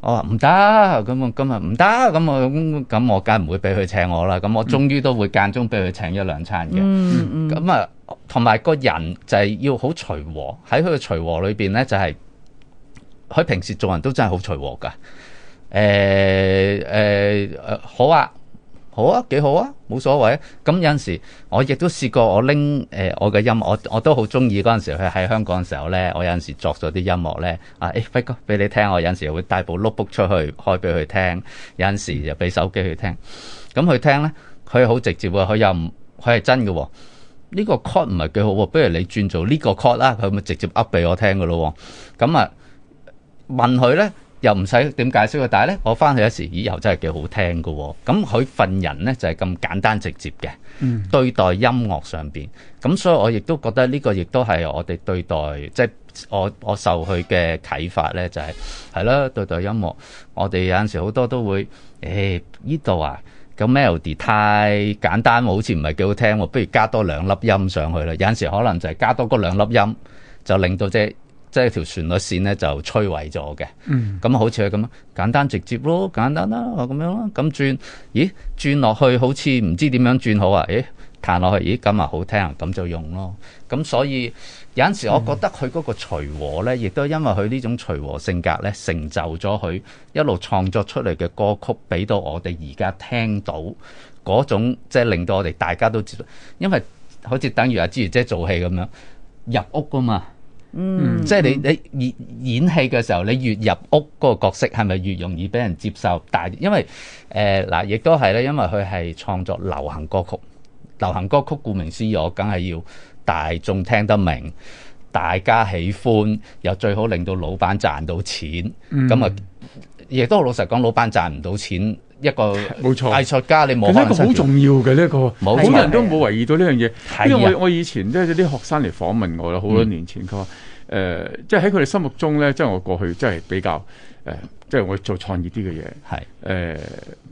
我話唔得，咁啊，今日唔得，咁啊，咁咁我梗係唔會俾佢請我啦。咁我終於都會間中俾佢請一兩餐嘅，咁、嗯、啊。嗯同埋個人就係要好隨和，喺佢嘅隨和裏面呢、就係，就係佢平時做人都真係好隨和㗎。誒誒好啊，好啊，幾好啊，冇所謂。咁有陣時我亦都試過我拎我嘅音，我音樂我，我都好中意嗰陣時佢喺香港嘅時候呢，我有陣時作咗啲音樂呢。啊，誒、哎，煇哥俾你聽。我有陣時會帶部 notebook 出去開俾佢聽，有陣時就俾手機佢聽。咁佢聽呢，佢好直接喎，佢又唔，佢係真嘅喎、哦。呢、這個 cut 唔係幾好，不如你轉做呢個 cut 啦，佢咪直接噏俾我聽㗎咯。咁啊，問佢咧又唔使點解釋嘅，但係咧我翻去有時，咦又真係幾好聽㗎。咁佢份人咧就係咁簡單直接嘅、嗯，對待音樂上邊。咁所以我亦都覺得呢個亦都係我哋對待，即、就、係、是、我我受佢嘅啟發咧、就是，就係係啦，對待音樂，我哋有陣時好多都會誒呢度啊。咁 melody 太簡單，好似唔係幾好聽喎，不如加多兩粒音上去啦。有陣時可能就係加多嗰兩粒音，就令到即即係條旋律線咧就摧毀咗嘅。咁、嗯、好似係咁樣簡單直接咯，簡單啦，咁樣啦，咁轉，咦，轉落去好似唔知點樣轉好啊？咦？彈落去，咦，咁啊好聽，咁就用咯。咁所以有陣時，我覺得佢嗰個隨和咧，亦都因為佢呢種隨和性格咧，成就咗佢一路創作出嚟嘅歌曲，俾到我哋而家聽到嗰種，即係令到我哋大家都知道，因為好似等於阿朱如姐做戲咁樣入屋噶嘛，嗯，即係你你演演戲嘅時候，你越入屋嗰個角色，係咪越容易俾人接受？但係因為誒嗱，亦、呃、都係咧，因為佢係創作流行歌曲。流行歌曲顧名思義，我梗係要大眾聽得明，大家喜歡，又最好令到老闆賺到錢。咁、嗯、啊，亦都老實講，老闆賺唔到錢，一個冇錯。藝術家你冇，一個好重要嘅呢一個，好多人都冇留意到呢樣嘢。因為我，我以前即係啲學生嚟訪問我啦，好多年前佢話誒，即係喺佢哋心目中咧，即係我過去即係比較誒，即係我做創意啲嘅嘢，係誒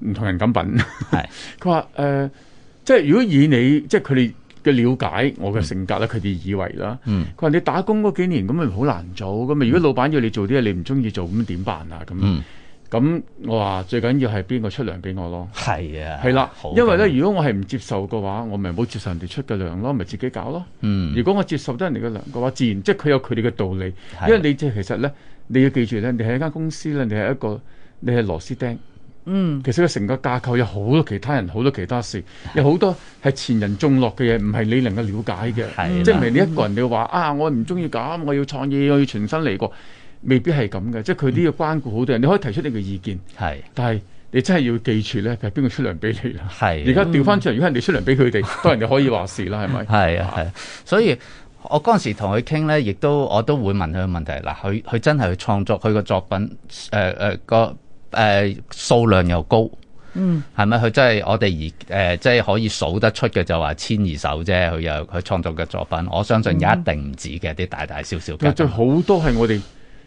唔同人咁品。係佢話誒。 即係如果以你即係佢哋嘅了解我嘅性格咧，佢哋以為啦。嗯。佢話、嗯、你打工嗰幾年咁咪好難做，咁、嗯、咪如果老闆要你做啲嘢你唔中意做咁點辦啊？咁。咁、嗯、我話最緊要係邊個出糧俾我咯。係啊。係啦、啊。因為咧，如果我係唔接受嘅話，我咪唔好接受人哋出嘅糧咯，咪自己搞咯。嗯。如果我接受得人哋嘅糧嘅話，自然即係佢有佢哋嘅道理、啊。因為你即係其實咧，你要記住咧，你係一間公司咧，你係一個你係螺絲釘。嗯，其實佢成個架構有好多其他人，好多其他事，有好多係前人種落嘅嘢，唔係你能夠了解嘅。係即係唔係你一個人你話、嗯、啊，我唔中意咁，我要創意，我要全新嚟過，未必係咁嘅。即係佢都要關顧好多人、嗯，你可以提出你嘅意見，係，但係你真係要記住咧，佢係邊個出糧俾你。係而家調翻轉，如果係你出糧俾佢哋，當然你可以話事啦，係 咪？係啊，係。所以我嗰陣時同佢傾咧，亦都我都會問佢問題。嗱，佢佢真係去創作佢個作品，誒、呃、誒、呃、個。誒、呃、數量又高，嗯，係咪佢真係我哋而即係可以數得出嘅就話千二首啫。佢又佢創作嘅作品，我相信一定唔止嘅啲、嗯、大大小小。對、嗯，好、就是、多係我哋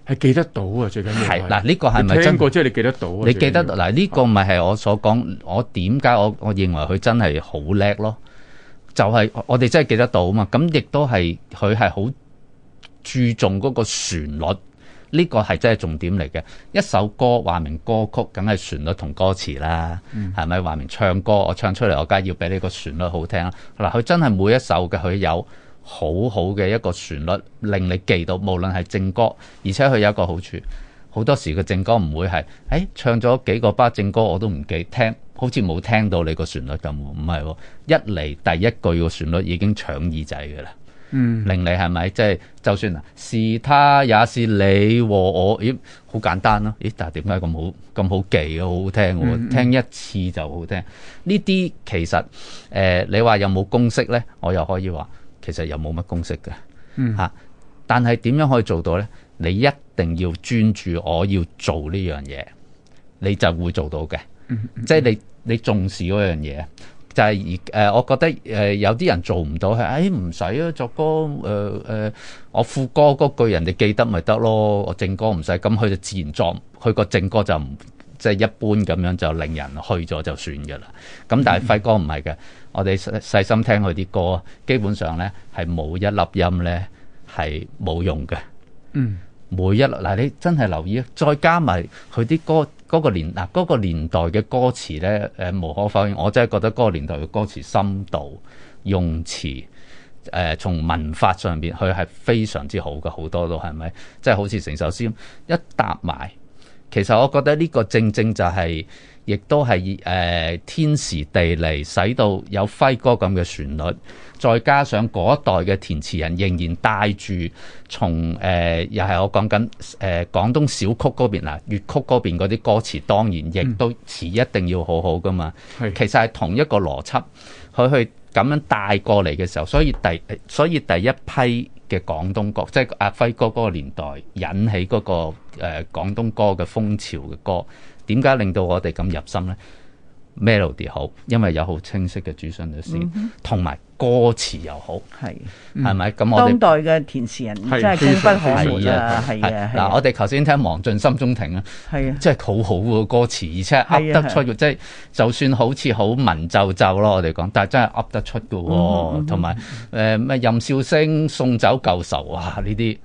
係記、這個、記得到啊！最緊要係嗱，呢個係咪真過即係你記得到？你記得嗱？呢、這個唔係我所講，我點解我我認為佢真係好叻咯？就係、是、我哋真係記得到啊嘛！咁亦都係佢係好注重嗰個旋律。呢個係真係重點嚟嘅，一首歌話明歌曲，梗係旋律同歌詞啦，係咪話明唱歌？我唱出嚟，我梗係要俾你個旋律好聽啦。嗱，佢真係每一首嘅佢有好好嘅一個旋律，令你記到。無論係正歌，而且佢有一個好處，好多時個正歌唔會係，誒唱咗幾個巴正歌我都唔記聽，好似冇聽到你個旋律咁。唔係喎，一嚟第一句嘅旋律已經搶耳仔㗎啦。嗯，令你係咪即係就算，是他也是你和我，咦好簡單咯。啊，咦但係點解咁好咁好記？啊，好好聽喎。啊嗯嗯，聽一次就好聽。呢啲其實誒、呃，你話有冇公式咧？我又可以話，其實又冇乜公式嘅吓。嗯啊。但係點樣可以做到咧？你一定要專注，我要做呢樣嘢，你就會做到嘅。即、嗯、係、嗯嗯就是、你你重視嗰樣嘢。就係、是、而、呃、我覺得誒、呃、有啲人做唔到，係誒唔使啊作歌誒誒、呃呃，我副歌嗰句人哋記得咪得咯，我正歌唔使，咁佢就自然作佢個正歌就唔，即、就、係、是、一般咁樣就令人去咗就算嘅啦。咁但係輝哥唔係嘅，我哋細心聽佢啲歌，基本上咧係冇一粒音咧係冇用嘅。嗯，每一粒，你真係留意，再加埋佢啲歌。嗰、那個年嗱，嗰、那個、年代嘅歌詞咧，誒無可否認，我真係覺得嗰個年代嘅歌詞深度、用詞，誒、呃、從文法上面佢係非常之好嘅，好多都係咪？即係、就是、好似成首詩一搭埋，其實我覺得呢個正正就係、是。亦都係誒、呃、天時地利，使到有輝哥咁嘅旋律，再加上嗰一代嘅填詞人仍然帶住從誒、呃，又係我講緊誒、呃、廣東小曲嗰邊嗱，粵曲嗰邊嗰啲歌詞，當然亦都詞一定要好好噶嘛、嗯。其實係同一個邏輯，佢去咁樣帶過嚟嘅時候，所以第所以第一批嘅廣東歌，即係阿輝哥嗰個年代引起嗰、那個誒、呃、廣東歌嘅風潮嘅歌。點解令到我哋咁入心咧？Melody 好，因為有好清晰嘅主旋律先，同、嗯、埋歌詞又好，係係咪？咁我當代嘅填詞人真係功不可沒啦，係啊！嗱，我哋頭先聽忘盡心中情啊，係啊，真係好好喎！歌詞而且噏得出嘅，即係就算好似好文縐縐咯，我哋講，但係真係噏得出嘅，同埋誒咩任笑聲送走舊愁啊，呢啲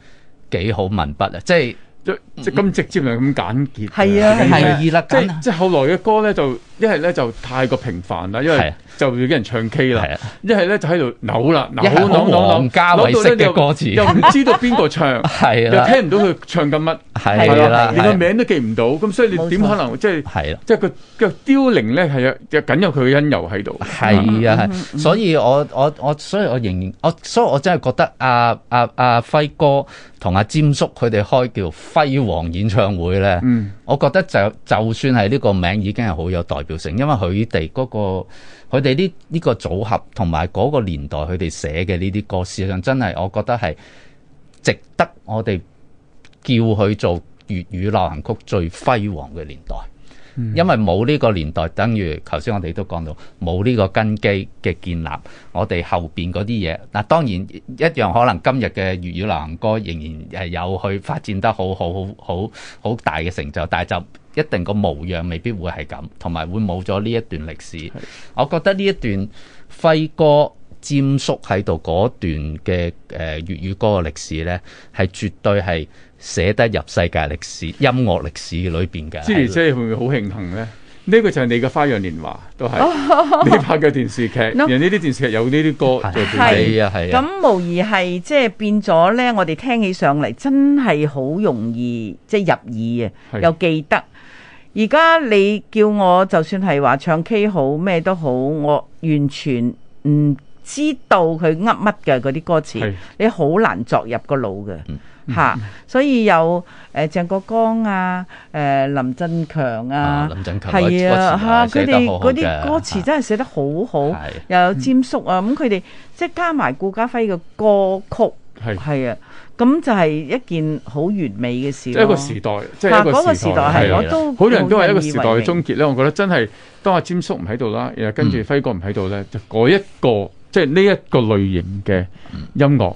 幾好文筆啊，即係。即即咁直接又咁簡潔，係啊係啊，啊，即即後來嘅歌咧就一係咧就太過平凡啦，因為就要俾人唱 K 啦，一係咧就喺度扭啦、啊，扭扭扭扭，色歌詞扭到咧又 又唔知道邊個唱，係、啊、又聽唔到佢唱緊乜，係啦、啊啊啊，連個名都記唔到，咁、啊、所以你點可能即係係啦，即係佢嘅凋零咧係有有緊有佢嘅因由喺度，係啊，啊，啊，啊，所以我我我所以我仍然我所以我真係覺得阿阿阿輝哥同阿詹叔佢哋開叫。輝煌演唱會咧，嗯，我覺得就就算係呢個名已經係好有代表性，因為佢哋嗰個佢哋呢呢個組合同埋個年代佢哋寫嘅呢啲歌，事實上真係我覺得係值得我哋叫佢做粵語流行曲最輝煌嘅年代。因為冇呢個年代，等於頭先我哋都講到冇呢個根基嘅建立，我哋後邊嗰啲嘢嗱，當然一樣可能今日嘅粵語流行歌仍然係有去發展得好好好好，好，好大嘅成就，但係就一定個模樣未必會係咁，同埋會冇咗呢一段歷史。我覺得呢一段輝哥霑叔喺度嗰段嘅誒粵語歌嘅歷史呢，係絕對係。寫得入世界歷史、音樂歷史裏邊㗎，即係會唔會好慶幸咧？呢、呢個就係你嘅《花樣年華》，都係 你拍嘅電視劇。原來呢啲電視劇有呢啲歌，係啊係啊。咁、啊、 無疑係即係變咗咧，我哋聽起上嚟真係好容易即係、就是、入耳啊，又記得。而家你叫我就算係話唱 K 好咩都好，我完全唔知道佢噏乜嘅嗰啲歌詞，你好難作入個腦嘅。嗯吓，所以有誒鄭國江啊，誒林振強啊，林振強係啊，吓佢哋嗰啲歌詞真係寫得好好，又有霑叔啊，咁佢哋即係加埋顧嘉煇嘅歌曲係係啊，咁就係一件好完美嘅事，一個時代，吓嗰個時代係我都好多人都係一個時代嘅終結咧。我覺得真係，當阿霑叔唔喺度啦，又跟住輝哥唔喺度咧，就嗰一個即係呢一個類型嘅音樂。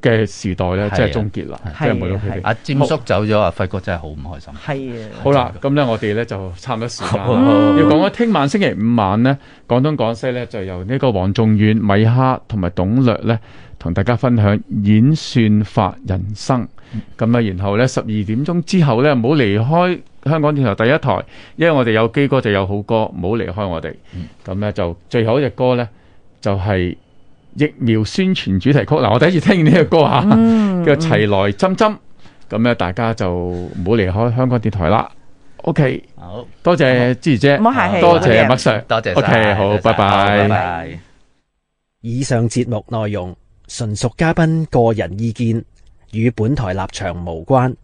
嘅時代咧，即係終結啦，即係冇咗佢哋。阿占叔走咗啊，阿輝哥真係好唔開心。係啊，好啦，咁咧我哋咧就差唔多時間。要講我聽晚星期五晚咧，廣東廣西咧就由呢個黃仲遠、米哈同埋董略咧，同大家分享演算法人生。咁啊，然後咧十二點鐘之後咧，唔好離開香港電台第一台，因為我哋有機哥就有好歌，唔好離開我哋。咁咧就最後一隻歌咧，就係，疫苗宣傳主題曲嗱，我第一次聽見呢個歌吓，叫齊來針針，咁咧大家就唔好離開香港電台啦。OK，好多謝 Gigi 姐，唔好客氣，多謝麥 Sir，okay, 多謝 okay, 多謝。OK，好，拜拜，拜拜。以上節目內容純屬嘉賓個人意見，與本台立場無關。